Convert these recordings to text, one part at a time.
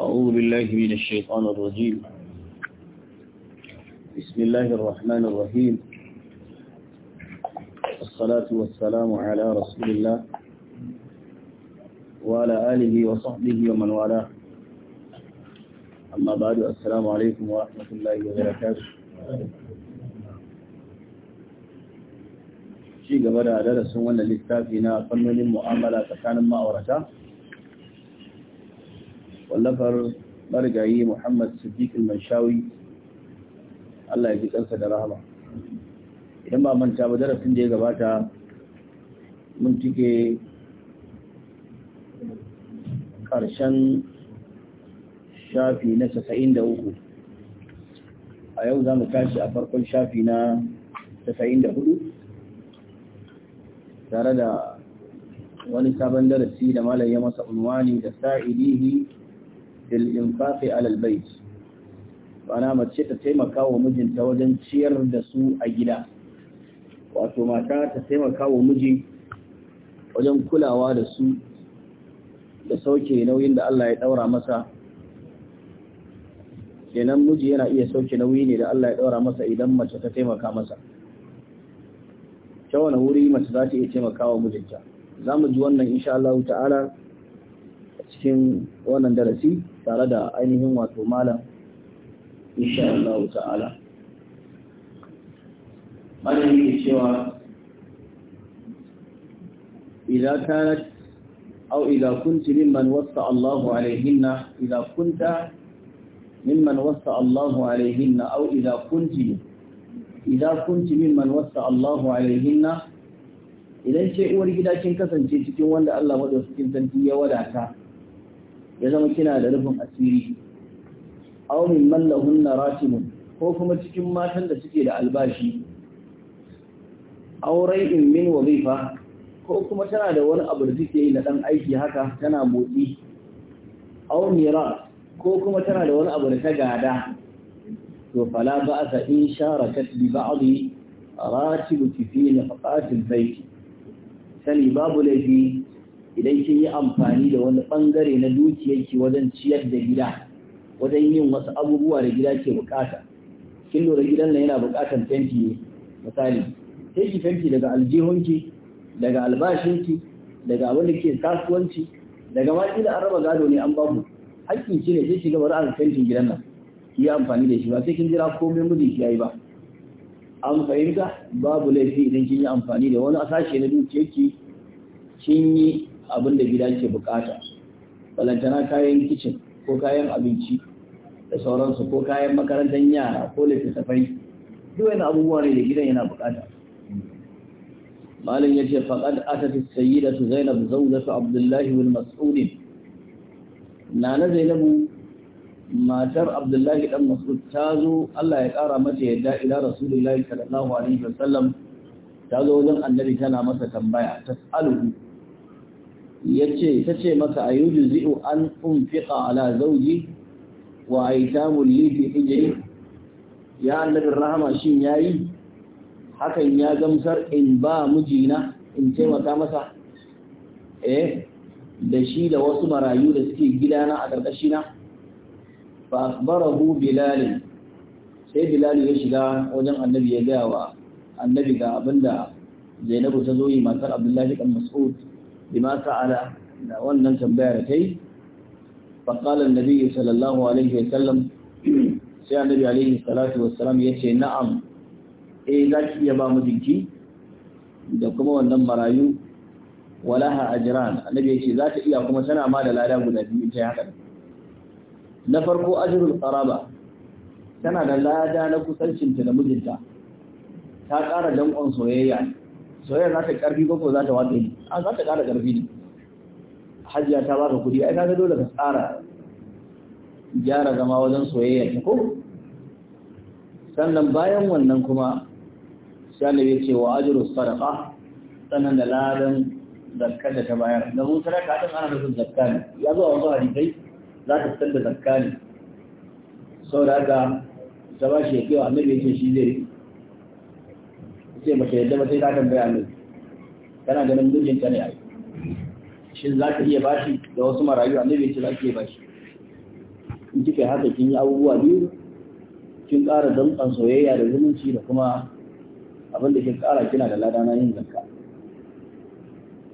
أعوذ بالله من الشيطان الرجيم بسم الله الرحمن الرحيم الصلاة والسلام على رسول الله وعلى آله وصحبه ومن والاه أما بعد السلام عليكم ورحمة الله وبركاته شيء gaba da darasin wannan littafi na fannonin كان ما ma'aurata wallafar marigayi Muhammad Siddiq al-Manshawi Allah ya ji kansa da rahama idan ba manta ba darasin da ya gabata mun tike karshen shafi na 93 a yau za mu tashi a farkon shafi na 94 tare da wani sabon darasi da malam ya masa unwani da sa'ilihi bil infaqi ala al bayt mace ta taimaka wa mijinta wajen ciyar da su a gida wato mata ta taimaka wa miji wajen kulawa da su da sauke nauyin da Allah ya daura masa kenan miji yana iya sauke nauyi ne da Allah ya daura masa idan mace ta taimaka masa ta wani wuri mace za ta iya taimaka wa mijinta za mu ji wannan insha Allah ta'ala cikin wannan darasi tare da ainihin wato malam insha Allah ta'ala malam yake cewa idza kanat aw idza kunti mimman wasa Allah idza kunta mimman Allah aw idza kunti idza kunti mimman Allah idan ce uwar gida kin kasance cikin wanda Allah madaukakin sarki ya wadata ya zama kina da rufin asiri aw min man lahunna ko kuma cikin matan da suke da albashi aw in min wazifa ko kuma tana da wani abu da suke yi na ɗan aiki haka tana motsi aw mira ko kuma tana da wani abu da ta gada to fala ba sa in sharakat bi ba'dhi ratibu fi nafaqatil bayt sani babu laifi idan kin yi amfani da wani bangare na dukiyarki wajen ciyar da gida wajen yin wasu abubuwa da gida ke bukata kin lura gidan nan yana bukatan fenti ne misali sai ki fenti daga aljihunki daga albashinki daga abin ke kasuwanci daga ma kila an raba gado ne an babu hakkin ki ne sai ki gaba da fentin gidan nan ki yi amfani da shi ba sai kin jira komai mijin ki yayi ba an fahimta babu laifi idan kin yi amfani da wani asashe na dukiyarki kin yi abin da gida ke bukata balantana kayan kicin ko kayan abinci da sauransu ko kayan makarantar yara ko littattafai duk wani abubuwa ne da gidan yana bukata malam ya ce faƙad atati sayyidatu zainab zawjatu abdullahi bin mas'ud na zainabu matar abdullahi dan mas'ud ta zo Allah ya ƙara mata yadda ila rasulullahi sallallahu alaihi wasallam ta zo wajen annabi tana masa tambaya tas'aluhu yace tace masa ayudu zi'u an unfiqa ala zawji wa aitamul li fi hijri ya annabi rahama shin yayi hakan ya gamsar in ba mijina in taimaka masa eh da shi da wasu marayu da suke gidana a ƙarƙashi na fa akhbarahu bilal sai bilal ya shiga wajen annabi ya gaya wa annabi ga abinda Zainabu ta zo yi matar Abdullahi kan Mas'ud bima sa'ala da wannan tambayar da kai fa qala annabi sallallahu alaihi wasallam sai annabi alaihi salatu wassalam yace na'am eh zaki iya ba mu jinki da kuma wannan marayu walaha ajran annabi yace za ta iya kuma tana ma da lada guda biyu ta haka na farko ajrul qaraba tana da lada na kusancinta da mijinta ta ƙara danƙon soyayya soyayya za ta yi ƙarfi ko za ta wata ne a za ta ƙara ƙarfi ne hajiya ta ba ka kuɗi ai kaga dole ka tsara gyara zama wajen soyayya ta ko sannan bayan wannan kuma sai ya ce wa ajiyar sadaka sannan da ladan zarkar da ta bayar da mun ka haɗin ana nufin zarka ne ya zuwa a wasu hadisai za ta fitar da zakka ne da haka ta ba shi ya kewa annabi ya ce shi zai ce mace yadda ba sai ta tambaya annabi kana ganin ta ne a yi shin za ka iya bashi da wasu marayu annabi ce za ka iya bashi in kika haka kin yi abubuwa biyu kin ƙara dantsan soyayya da zumunci da kuma abin da kin ƙara kina da lada na yin zakka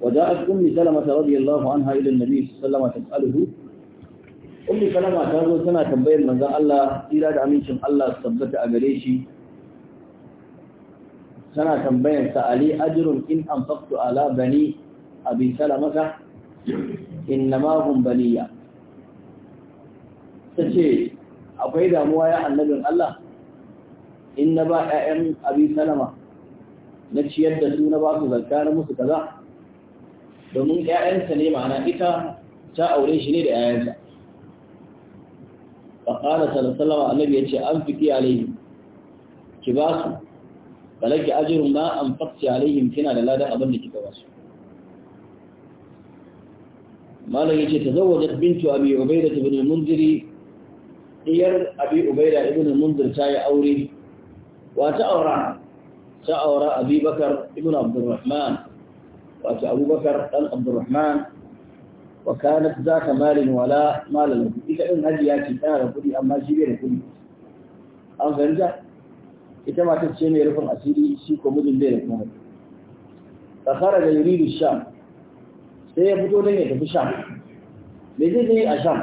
وجاءت أم سلمة رضي الله عنها إلى النبي صلى الله عليه وسلم تسأله أم سلمة تقول سنة Allah من ذا الله Allah su شم الله gare shi. tana tambayan sa ali ajrun in anfaqtu ala bani abi salamata innama hum baliya tace akwai damuwa ya annabin Allah in na ba ƴaƴan abi salama na ciyar da su na ba su zakka na musu kaza domin ƴaƴansa ne ma'ana ita ta aure shi ne da ƴaƴansa fa qala sallallahu alaihi wasallam annabi yace an fiki alaihi ki ba su فلك أجر ما أنفقت عليه يمكن على الله أضمنك تواصل ما لك تزوجت بنت أبي عبيدة بن المنذر قير أبي عبيدة بن المنذر تاي أوري وتأورى تأورى أبي بكر بن عبد الرحمن وأتى أبو بكر بن عبد الرحمن وكانت ذاك مال ولا مال لكم إذا أن هذه هي كتابة كلي أما جبير كلي أنفرجت ita matar ce mai rufin asiri shi ko mijin bai da fara. fa da yuridu sham sai ya fito don ya tafi sham me zai yi a sham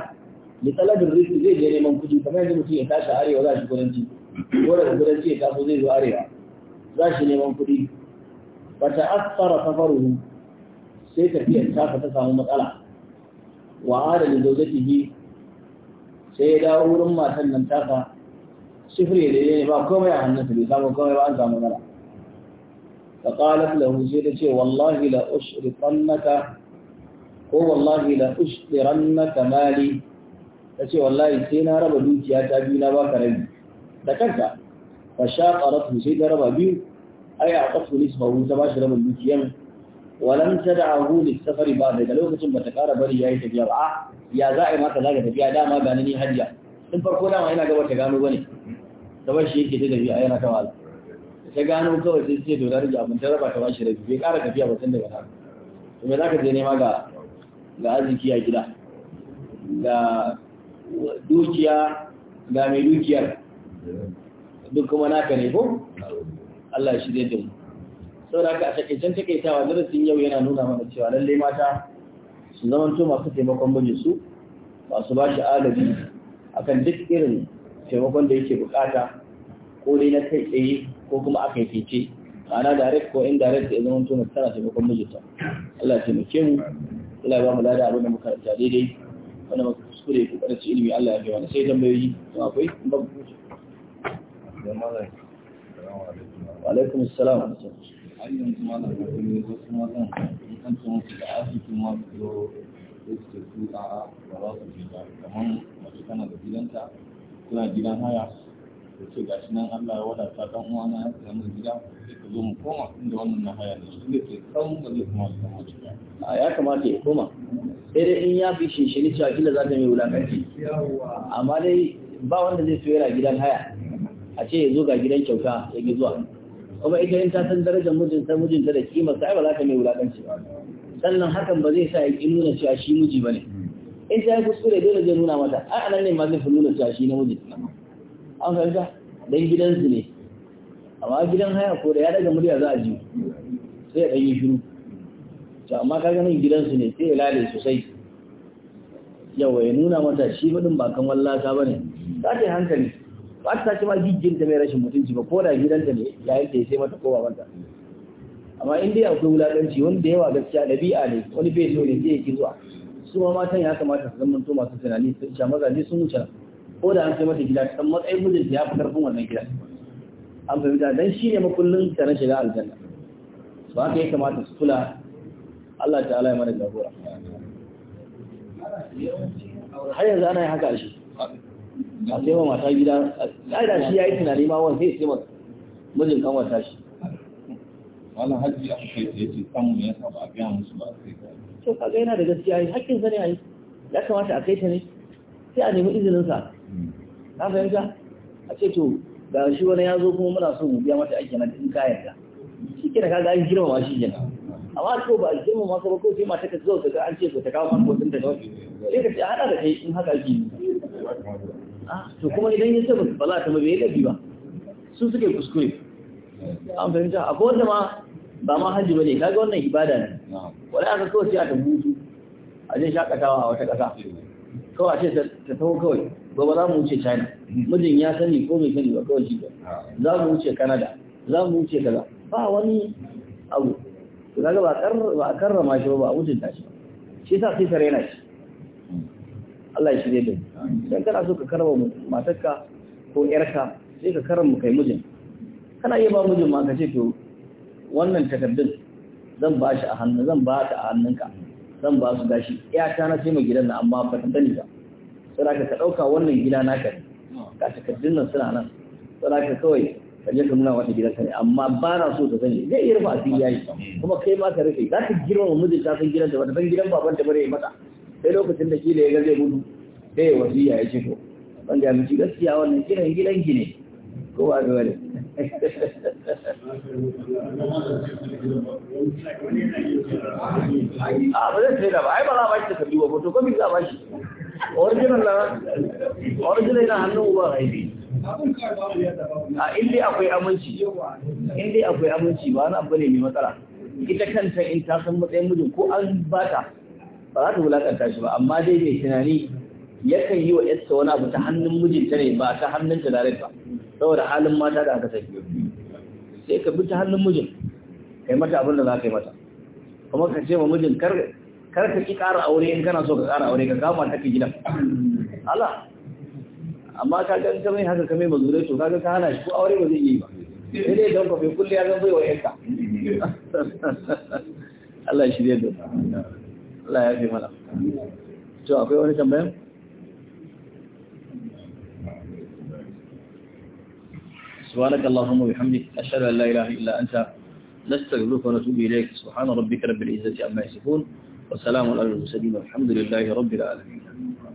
da talabin Rufi zai je neman kuɗi kamar yadda mutum ya tashi arewa za shi kudanci ko daga kudanci ya taso zai zo arewa za shi neman kuɗi ta ta'assara safaruhu sai tafiyar ta ta samu matsala wa adalin zaujatihi sai ya dawo wurin matan nan taka sifiri da ne ba komai a hannunsa bai samu komai ba an samu mana fa qalat lahu sai ta ce wallahi la ushrifannaka ko wallahi la ushrifannaka mali ta ce wallahi sai na raba dukiya ta biyu na baka rabi da kanka fa shaqaratu sai ta raba biyu ai a kafu nisbahu ta bashi rabin dukiyan walam tad'ahu lis-safari ba daga lokacin bata kara bari yayi tafiya ba ya za a yi tafiya dama ga ni hajja in farko dama ina gaba ta gano bane da ba shi yake da dabi a yana ta wala ta gano kawai sai ce dora rage abin ta raba ta bashi rabi bai kara tafiya ba tun daga ta to me zaka je nema ga ga arziki a gida ga dukiya ga mai dukiyar duk kuma naka ne ko Allah shi zai dinmu sau da aka a takaicen takaitawa darasin yau yana nuna mana cewa lallai mata su to masu taimakon mijinsu masu ba shi agaji akan duk irin taimakon da yake bukata ko dai na kai tsaye ko kuma a kai fice ma'ana direct ko indirect da zama tona tana taimakon mijinta Allah ya taimake mu Allah ya ba mu lada abin da muka karanta daidai wanda muka kuskure ko karanta ilimi Allah ya biya wani sai tambayoyi to akwai ba ku kuce wa alaikum assalam har yanzu ma na da wasu mazan in kan tsohon su da asibiti ma su zo su a a ba za su je ba kamar mace tana da gidanta suna gidan haya da ce ga shi nan Allah ya wadata dan uwa na ya mun gida sai ka zo mu koma inda wannan na haya ne shi ne ce kan ba zai kuma su kama gida a ya kamata ya koma sai dai in ya fi shinshini cewa kila za ta mai wulakanci amma dai ba wanda zai so gidan haya a ce ya zo ga gidan kyauta ya gi zuwa kuma ita yin ta san darajar mijinta mijinta da kima, sai ba za ta mai wulakanci ba sannan hakan ba zai sa ya nuna cewa shi miji ba ne in ta yi kuskure dole zai nuna mata a anan ne ma zai fi nuna ta shi wuji an fahimta dan gidansu ne amma gidan haya ko da ya daga murya za a ji sai ya dan yi shiru to amma ka nan gidansu ne sai ya lalace sosai yawa ya nuna mata shi faɗin ba kan wallata bane ta ta hankali ba ta ci ma ta mai rashin mutunci ba ko da gidanta ne yayin da ya sai mata kowa mata amma in dai akwai wulaƙanci wanda yawa gaskiya ɗabi'a ne wani bai so ne zai yi kizuwa su ma matan ya kamata su zama to masu tunani su isha mazaje sun wuce ko da an kai mata gida san matsayin mijinta ya fi karfin wannan gida an fahimta dan shi ne makullin ta na shiga aljanna ba haka ya kamata su kula Allah ta'ala ya mana jagora har yanzu ana yi haka a shi a sai ma mata gida a da shi yayi tunani ma wanda sai ma mijin kan wata shi wannan hajji a kai sai ce samu ya saba ga musu ba sai to kaga yana da gaskiya yi hakkin sa ne a yi ya kamata a kai ta ne sai a nemi izinin sa na fahimta a ce to ga shi wani ya zo kuma muna so mu biya mata aiki na cikin ka ta shi ke da ga an girmama shi kenan amma ko ba a girmama ma ba ko sai mata ka zo ka ga an ce ko ta kawo man da ta kawai sai ka ce hada da kai in haka ake to kuma idan ya ce ba za ta mabe laifi ba su suke kuskure an fahimta akwai wanda ma ba ma hajji bane kaga wannan ibada ne wani aka kawai ce a ta mutu, a je shakatawa a wata ƙasa kawai a ce ta taho kawai ba ba za mu wuce china mijin ya sani ko mai sani ba kawai shi za mu wuce canada za mu wuce kaza ba wani abu to kaga ba a karrama shi ba ba a mutunta shi shi yasa sai tare yana shi Allah ya shirye da dan kana so ka karrama matarka ko yarka sai ka karrama kai mijin kana iya ba mijin ma ka ce to wannan takardun zan ba shi a hannu zan ba ta a hannunka zan ba su gashi ya ta na sai gidan nan amma ba ta dani ba sai ka ɗauka wannan gida naka ka ga takardun nan suna nan sai ka kawai ka je ka nuna wata gidan ka ne amma ba na so ta sani zai iya rufa asiri yayi kuma kai ma ka rufe za ka girma mijin ta san gidan da ba san gidan baban da bare mata sai lokacin da kila ya ga zai gudu sai ya wasiya ya ce to ban ga miki gaskiya wannan gidan gidan ki ne ko ba da wani a ah, ba zai sai da ba ai ba za a ba bashi takardu ba hoto kwami za a ba bashi original na original na hannun uba haifi ah, a inda akwai aminci inda akwai aminci ba wani abu ne mai matsala ita kanta in ta san matsayin mijin ko an bata ba za ta wulakanta shi ba amma dai mai tunani yakan yi wa yarsa wani abu ta hannun mijinta ne ba ta hannun ta direct ba saboda halin mata da aka saki sai ka bi ta hannun mijin kai mata abin da za ka yi mata kuma ka ce ma mijin kar kar ka ki ƙara aure in kana so ka ƙara aure ka kama ta ki gida. Ala, amma ka ga ka mai haka ka mai mazurai to kaga ka hana shi ko aure ba zai yi ba sai dai don kwafe kulle ya zan bai wa yanka Allah shi zai da Allah ya fi mana to akwai wani tambayan سبحانك اللهم وبحمدك أشهد أن لا إله إلا أنت نستغفرك ونتوب إليك سبحان ربك رب العزة عما يصفون وسلام على المرسلين والحمد لله رب العالمين